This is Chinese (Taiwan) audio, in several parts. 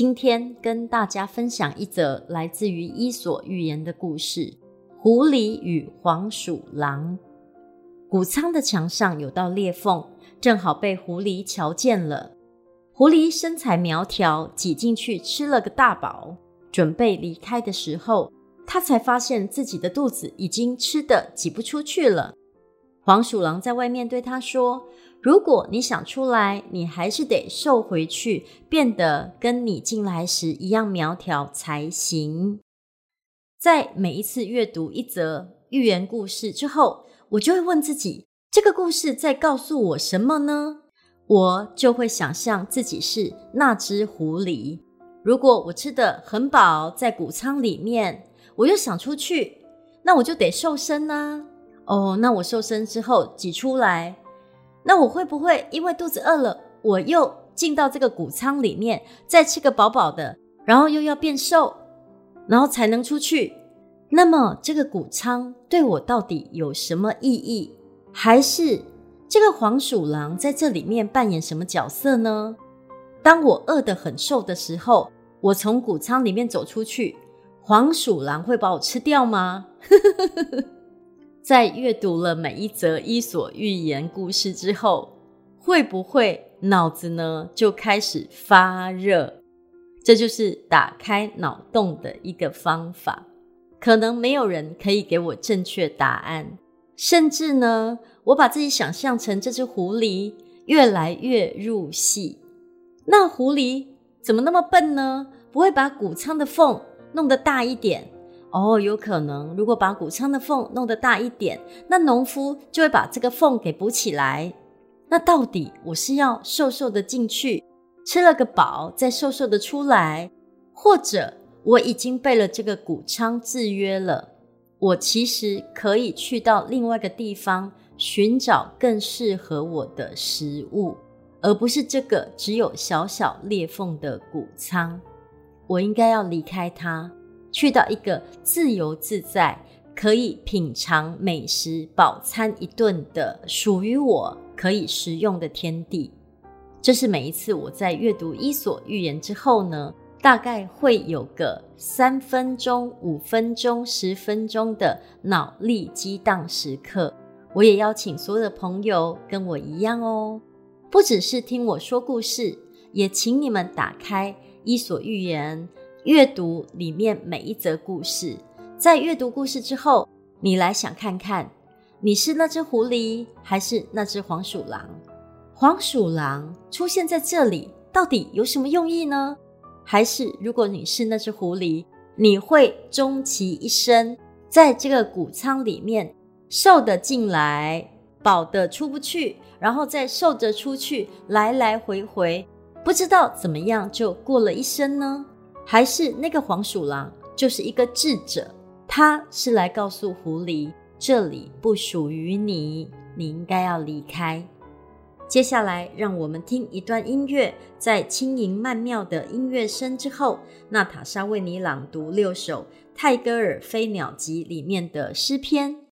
今天跟大家分享一則來自於《伊索寓言》的故事：狐狸與黃鼠狼。谷倉的牆上有道裂縫，正好被狐狸瞧見了。狐狸身材苗條，擠進去吃了個大飽。準備離開的時候，他才發現自己的肚子已經吃得擠不出去了。黃鼠狼在外面對他說如果你想出來，你還是得瘦回去，變得跟你進來時一樣苗條才行。在每一次閱讀一則寓言故事之後，我就會問自己，這個故事在告訴我什麼呢？我就會想象自己是那隻狐狸。如果我吃得很飽，在穀倉裡面，我又想出去，那我就得瘦身吶、啊。哦，那我瘦身之後擠出來。那我會不會因為肚子餓了，我又進到這個谷倉裡面，再吃個飽飽的，然後又要變瘦，然後才能出去？那麼這個谷倉對我到底有什麼意義？還是這個黃鼠狼在這裡面扮演什麼角色呢？當我餓得很瘦的時候，我從谷倉裡面走出去，黃鼠狼會把我吃掉嗎？ 在閱讀了每一則伊索寓言故事之後，會不會腦子呢就開始發熱？這就是打開腦洞的一個方法。可能沒有人可以給我正確答案，甚至呢，我把自己想象成這隻狐狸，越來越入戲。那狐狸怎麼那麼笨呢？不會把穀倉的縫弄得大一點。哦，有可能，如果把穀倉的縫弄得大一點，那農夫就會把這個縫給補起來。那到底我是要瘦瘦的進去，吃了個飽再瘦瘦的出來？或者我已經被了這個穀倉制約了。我其實可以去到另外一個地方尋找更適合我的食物，而不是這個只有小小裂縫的穀倉。我應該要離開它。去到一個自由自在、可以品嚐美食、飽餐一頓的屬於我可以食用的天地。這是每一次我在閱讀《伊索寓言》之後呢，大概會有個三分鐘、五分鐘、十分鐘的腦力激盪時刻。我也邀請所有的朋友跟我一樣哦，不只是聽我說故事，也請你們打開《伊索寓言》。閱讀裡面每一則故事，在閱讀故事之後，你來想看看，你是那隻狐狸還是那隻黃鼠狼？黃鼠狼出現在這裡到底有什麼用意呢？還是如果你是那隻狐狸，你會終其一生在這個穀倉裡面瘦得進來，飽得出不去，然後再瘦着出去，來來回回，不知道怎麼樣就過了一生呢？還是那個黃鼠狼，就是一個智者，他是來告訴狐狸，這裡不屬於你，你應該要離開。接下來，讓我們聽一段音樂，在輕盈曼妙的音樂聲之後，娜塔莎為你朗讀六首泰戈爾《飛鳥集》裡面的詩篇。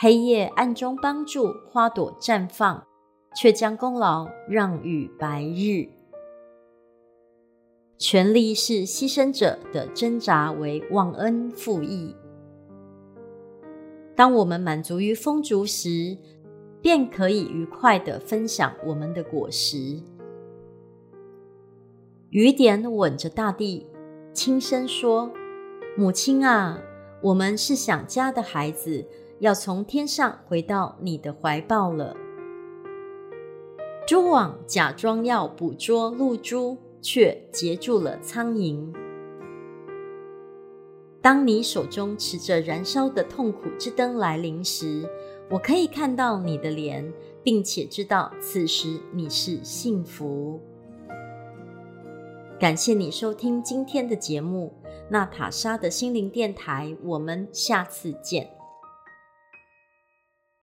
黑夜暗中幫助花朵綻放，卻將功勞讓予白日。權力是犧牲者的掙扎，為忘恩負義。當我們滿足於豐足時，便可以愉快地分享我們的果實。雨點吻着大地，輕聲說：“母親啊，我們是想家的孩子。”要從天上回到你的懷抱了。蛛網假裝要捕捉露珠，卻截住了蒼蠅。當你手中持着燃燒的痛苦之燈來臨時，我可以看到你的臉，並且知道此時你是幸福。感謝你收聽今天的節目，娜塔莎的心靈電台，我們下次見。